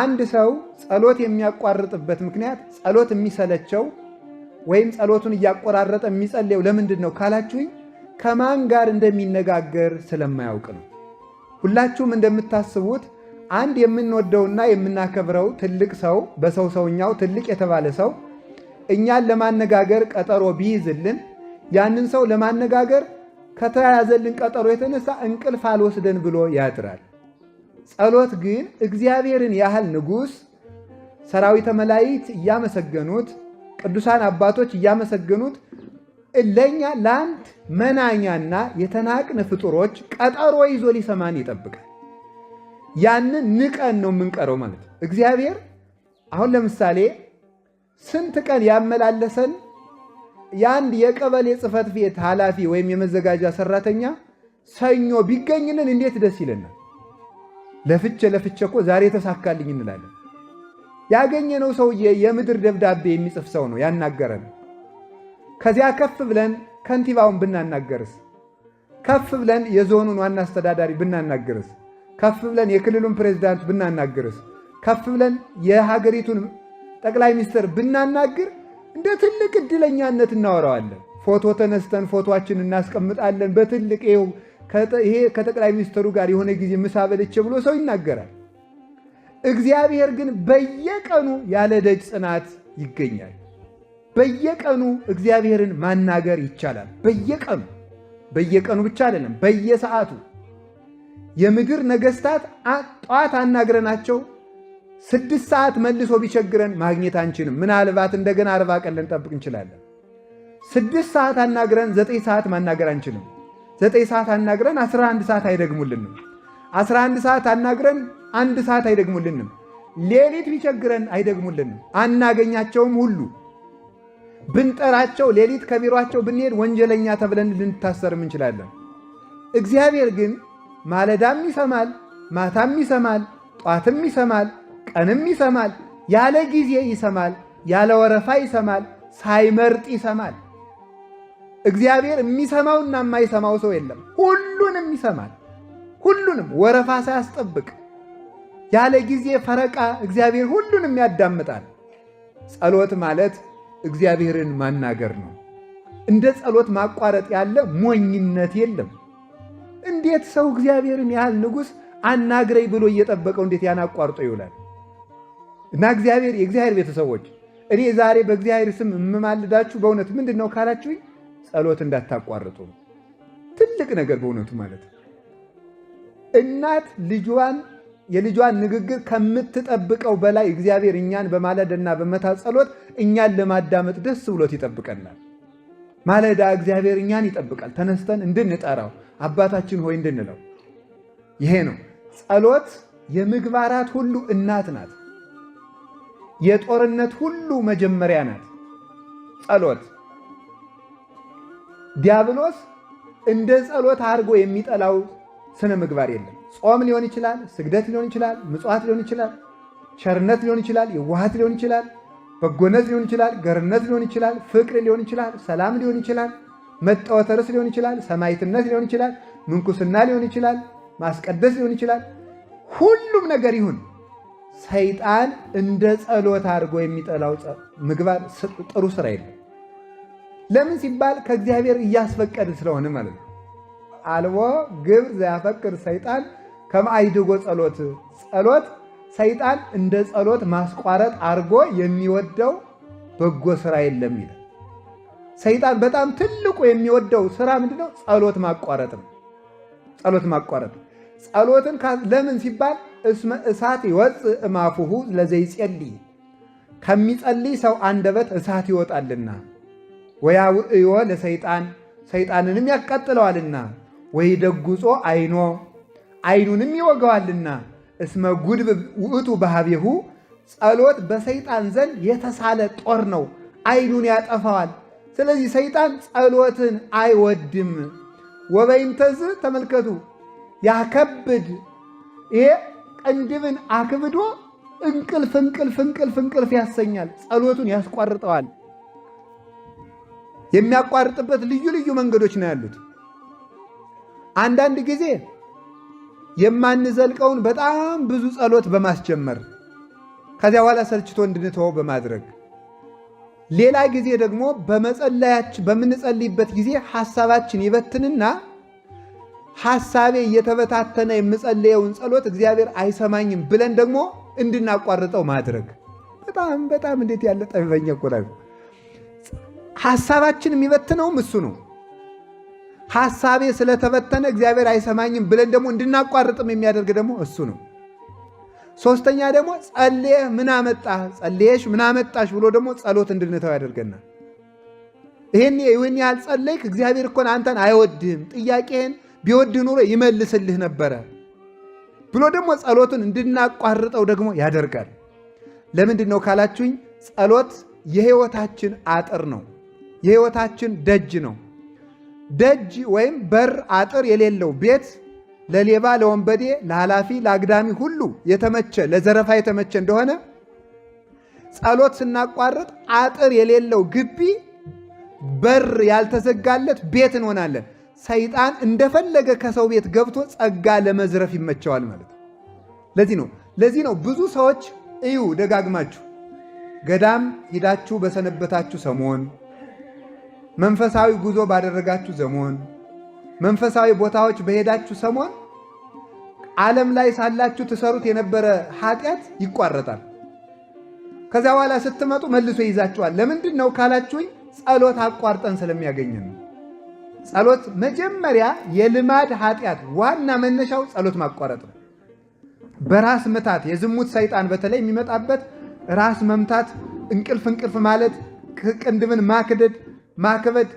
አንድ ሰው ጸሎት የሚያቋርጥበት ምክንያት ጸሎት የሚሰለቸው ወይም ጸሎቱን እያቆራረጠ የሚጸልየው ለምንድን ነው ካላችሁኝ ከማን ጋር እንደሚነጋገር ስለማያውቅ ነው። ሁላችሁም እንደምታስቡት አንድ የምንወደውና የምናከብረው ትልቅ ሰው በሰው ሰውኛው ትልቅ የተባለ ሰው እኛን ለማነጋገር ቀጠሮ ቢይዝልን ያንን ሰው ለማነጋገር ከተያያዘልን ቀጠሮ የተነሳ እንቅልፍ አልወስደን ብሎ ያድራል። ጸሎት ግን እግዚአብሔርን ያህል ንጉሥ ሰራዊተ መላእክት እያመሰገኑት ቅዱሳን አባቶች እያመሰገኑት ለእኛ ለአንድ መናኛና የተናቅን ፍጡሮች ቀጠሮ ይዞ ሊሰማን ይጠብቃል። ያንን ንቀን ነው የምንቀረው ማለት ነው። እግዚአብሔር አሁን ለምሳሌ ስንት ቀን ያመላለሰን የአንድ የቀበሌ ጽሕፈት ቤት ኃላፊ ወይም የመዘጋጃ ሰራተኛ ሰኞ ቢገኝልን እንዴት ደስ ይለናል። ለፍቼ ለፍቼ እኮ ዛሬ ተሳካልኝ እንላለን። ያገኘነው ሰውዬ የምድር ደብዳቤ የሚጽፍ ሰው ነው ያናገረን። ከዚያ ከፍ ብለን ከንቲባውን ብናናገርስ፣ ከፍ ብለን የዞኑን ዋና አስተዳዳሪ ብናናገርስ፣ ከፍ ብለን የክልሉን ፕሬዚዳንት ብናናገርስ፣ ከፍ ብለን የሀገሪቱን ጠቅላይ ሚኒስትር ብናናግር እንደ ትልቅ እድለኛነት እናወራዋለን። ፎቶ ተነስተን ፎቶችን እናስቀምጣለን በትልቅ ይኸው ይሄ ከጠቅላይ ሚኒስትሩ ጋር የሆነ ጊዜ ምሳ በልቼ ብሎ ሰው ይናገራል። እግዚአብሔር ግን በየቀኑ ያለ ደጅ ጽናት ይገኛል። በየቀኑ እግዚአብሔርን ማናገር ይቻላል። በየቀኑ በየቀኑ ብቻ አይደለም፣ በየሰዓቱ የምድር ነገስታት ጠዋት አናግረናቸው ስድስት ሰዓት መልሶ ቢቸግረን ማግኘት አንችልም። ምናልባት እንደገና አርባ ቀን ልንጠብቅ እንችላለን። ስድስት ሰዓት አናግረን ዘጠኝ ሰዓት ማናገር አንችልም። ዘጠኝ ሰዓት አናግረን አስራ አንድ ሰዓት አይደግሙልንም። አስራ አንድ ሰዓት አናግረን አንድ ሰዓት አይደግሙልንም። ሌሊት ቢቸግረን አይደግሙልንም። አናገኛቸውም ሁሉ ብንጠራቸው ሌሊት ከቢሯቸው ብንሄድ ወንጀለኛ ተብለን ልንታሰርም እንችላለን። እግዚአብሔር ግን ማለዳም ይሰማል፣ ማታም ይሰማል፣ ጧትም ይሰማል፣ ቀንም ይሰማል፣ ያለ ጊዜ ይሰማል፣ ያለ ወረፋ ይሰማል፣ ሳይመርጥ ይሰማል። እግዚአብሔር የሚሰማውና የማይሰማው ሰው የለም። ሁሉንም ይሰማል። ሁሉንም ወረፋ ሳያስጠብቅ ያለ ጊዜ ፈረቃ እግዚአብሔር ሁሉንም ያዳምጣል። ጸሎት ማለት እግዚአብሔርን ማናገር ነው። እንደ ጸሎት ማቋረጥ ያለ ሞኝነት የለም። እንዴት ሰው እግዚአብሔርን ያህል ንጉሥ አናግረኝ ብሎ እየጠበቀው እንዴት ያን አቋርጦ ይውላል? እና እግዚአብሔር የእግዚአብሔር ቤተሰቦች እኔ ዛሬ በእግዚአብሔር ስም የምማልዳችሁ በእውነት ምንድን ነው ካላችሁኝ ጸሎት እንዳታቋርጡ። ትልቅ ነገር በእውነቱ ማለት ነው። እናት ልጇን የልጇን ንግግር ከምትጠብቀው በላይ እግዚአብሔር እኛን በማለዳና በመታ ጸሎት እኛን ለማዳመጥ ደስ ብሎት ይጠብቀናል። ማለዳ እግዚአብሔር እኛን ይጠብቃል፣ ተነስተን እንድንጠራው አባታችን ሆይ እንድንለው። ይሄ ነው ጸሎት። የምግባራት ሁሉ እናት ናት። የጦርነት ሁሉ መጀመሪያ ናት ጸሎት። ዲያብሎስ እንደ ጸሎት አድርጎ የሚጠላው ስነ ምግባር የለም። ጾም ሊሆን ይችላል፣ ስግደት ሊሆን ይችላል፣ ምጽዋት ሊሆን ይችላል፣ ቸርነት ሊሆን ይችላል፣ የዋሃት ሊሆን ይችላል፣ በጎነት ሊሆን ይችላል፣ ገርነት ሊሆን ይችላል፣ ፍቅር ሊሆን ይችላል፣ ሰላም ሊሆን ይችላል፣ መጠወተርስ ሊሆን ይችላል፣ ሰማይትነት ሊሆን ይችላል፣ ምንኩስና ሊሆን ይችላል፣ ማስቀደስ ሊሆን ይችላል። ሁሉም ነገር ይሁን ሰይጣን እንደ ጸሎት አድርጎ የሚጠላው ምግባር ጥሩ ስራ የለም። ለምን ሲባል ከእግዚአብሔር እያስፈቀደ ስለሆነ ማለት ነው። አልቦ ግብር ዘያፈቅር ሰይጣን ከማይድጎ ጸሎት ጸሎት ሰይጣን እንደ ጸሎት ማስቋረጥ አድርጎ የሚወደው በጎ ስራ የለም ይላል። ሰይጣን በጣም ትልቁ የሚወደው ስራ ምንድነው? ጸሎት ማቋረጥ ነው። ጸሎት ማቋረጥ ጸሎትን ለምን ሲባል እስመ እሳት ይወፅ እማፉሁ ለዘይጸልይ ከሚጸልይ ሰው አንደበት እሳት ይወጣልና ወያውዕዮ ለሰይጣን ሰይጣንንም ያቃጥለዋልና ወይ ደጉጾ አይኖ አይኑንም ይወገዋልና እስመ ጉድብ ውእቱ ባህቤሁ ጸሎት በሰይጣን ዘንድ የተሳለ ጦር ነው፣ አይኑን ያጠፋዋል። ስለዚህ ሰይጣን ጸሎትን አይወድም። ወበይንተዝ ተመልከቱ ያከብድ ይሄ ቅንድብን አክብዶ እንቅልፍ እንቅልፍ እንቅልፍ እንቅልፍ ያሰኛል፣ ጸሎቱን ያስቋርጠዋል። የሚያቋርጥበት ልዩ ልዩ መንገዶች ነው ያሉት። አንዳንድ ጊዜ የማንዘልቀውን በጣም ብዙ ጸሎት በማስጀመር ከዚያ በኋላ ሰልችቶ እንድንተወው በማድረግ ሌላ ጊዜ ደግሞ በምንጸልይበት ጊዜ ሐሳባችን ይበትንና ሐሳቤ እየተበታተነ የምጸልየውን ጸሎት እግዚአብሔር አይሰማኝም ብለን ደግሞ እንድናቋርጠው ማድረግ በጣም በጣም እንዴት ያለ ጠበኛ ሐሳባችን የሚበትነውም እሱ ነው። ሐሳቤ ስለተበተነ እግዚአብሔር አይሰማኝም ብለን ደግሞ እንድናቋርጥም የሚያደርግ ደግሞ እሱ ነው። ሶስተኛ ደግሞ ጸልየ ምን ጸልየሽ ምን አመጣሽ ብሎ ደግሞ ጸሎት እንድንተው ያደርገናል። ይህን ይህን ያህል ጸለይክ እግዚአብሔር እኮን አንተን አይወድህም፣ ጥያቄህን ቢወድህ ኑሮ ይመልስልህ ነበረ ብሎ ደግሞ ጸሎትን እንድናቋርጠው ደግሞ ያደርጋል። ለምንድን ነው ካላችሁኝ፣ ጸሎት የህይወታችን አጥር ነው። የህይወታችን ደጅ ነው። ደጅ ወይም በር አጥር የሌለው ቤት ለሌባ፣ ለወንበዴ፣ ለኃላፊ፣ ለአግዳሚ ሁሉ የተመቸ ለዘረፋ የተመቸ እንደሆነ ጸሎት ስናቋርጥ አጥር የሌለው ግቢ በር ያልተዘጋለት ቤት እንሆናለን። ሰይጣን እንደፈለገ ከሰው ቤት ገብቶ ጸጋ ለመዝረፍ ይመቸዋል ማለት ለዚህ ነው ለዚህ ነው ብዙ ሰዎች እዩ ደጋግማችሁ ገዳም ሂዳችሁ በሰነበታችሁ ሰሞን መንፈሳዊ ጉዞ ባደረጋችሁ ዘመን፣ መንፈሳዊ ቦታዎች በሄዳችሁ ሰሞን ዓለም ላይ ሳላችሁ ትሰሩት የነበረ ኃጢአት ይቋረጣል። ከዚያ በኋላ ስትመጡ መልሶ ይይዛችኋል። ለምንድን ነው ካላችሁኝ፣ ጸሎት አቋርጠን ስለሚያገኘን ነው። ጸሎት መጀመሪያ የልማድ ኃጢአት ዋና መነሻው ጸሎት ማቋረጥ ነው። በራስ ምታት የዝሙት ሰይጣን በተለይ የሚመጣበት ራስ መምታት፣ እንቅልፍ እንቅልፍ ማለት፣ ቅንድብን ማክደድ ማክበድ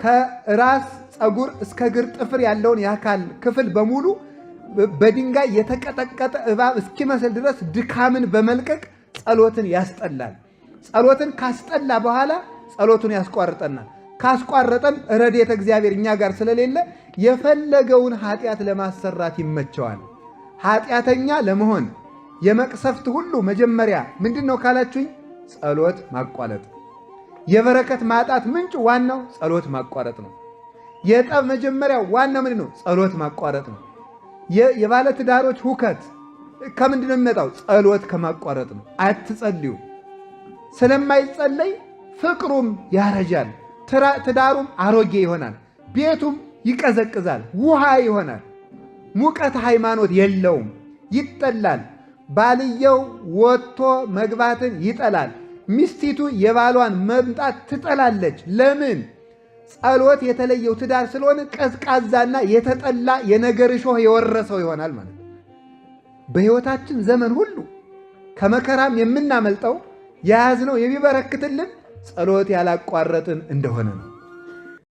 ከራስ ፀጉር እስከ እግር ጥፍር ያለውን የአካል ክፍል በሙሉ በድንጋይ የተቀጠቀጠ እባብ እስኪመስል ድረስ ድካምን በመልቀቅ ጸሎትን ያስጠላል። ጸሎትን ካስጠላ በኋላ ጸሎቱን ያስቋርጠናል። ካስቋረጠን ረድኤተ እግዚአብሔር እኛ ጋር ስለሌለ የፈለገውን ኃጢአት ለማሰራት ይመቸዋል። ኃጢአተኛ ለመሆን የመቅሰፍት ሁሉ መጀመሪያ ምንድን ነው ካላችሁኝ፣ ጸሎት ማቋረጥ የበረከት ማጣት ምንጭ ዋናው ጸሎት ማቋረጥ ነው። የጠብ መጀመሪያ ዋናው ምንድን ነው? ጸሎት ማቋረጥ ነው። የባለ ትዳሮች ሁከት ከምንድን ነው የሚመጣው? ጸሎት ከማቋረጥ ነው። አትጸልዩ። ስለማይጸለይ ፍቅሩም ያረጃል፣ ትዳሩም አሮጌ ይሆናል፣ ቤቱም ይቀዘቅዛል፣ ውሃ ይሆናል፣ ሙቀት ሃይማኖት የለውም፣ ይጠላል። ባልየው ወጥቶ መግባትን ይጠላል። ሚስቲቱ የባሏን መምጣት ትጠላለች። ለምን? ጸሎት የተለየው ትዳር ስለሆነ ቀዝቃዛና የተጠላ የነገር እሾህ የወረሰው ይሆናል ማለት ነው። በሕይወታችን ዘመን ሁሉ ከመከራም የምናመልጠው የያዝነው የሚበረክትልን ጸሎት ያላቋረጥን እንደሆነ ነው።